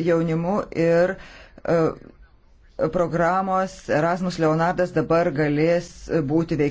jaunimu ir e, programos Erasmus Leonardas dabar galės būti veiksmingi.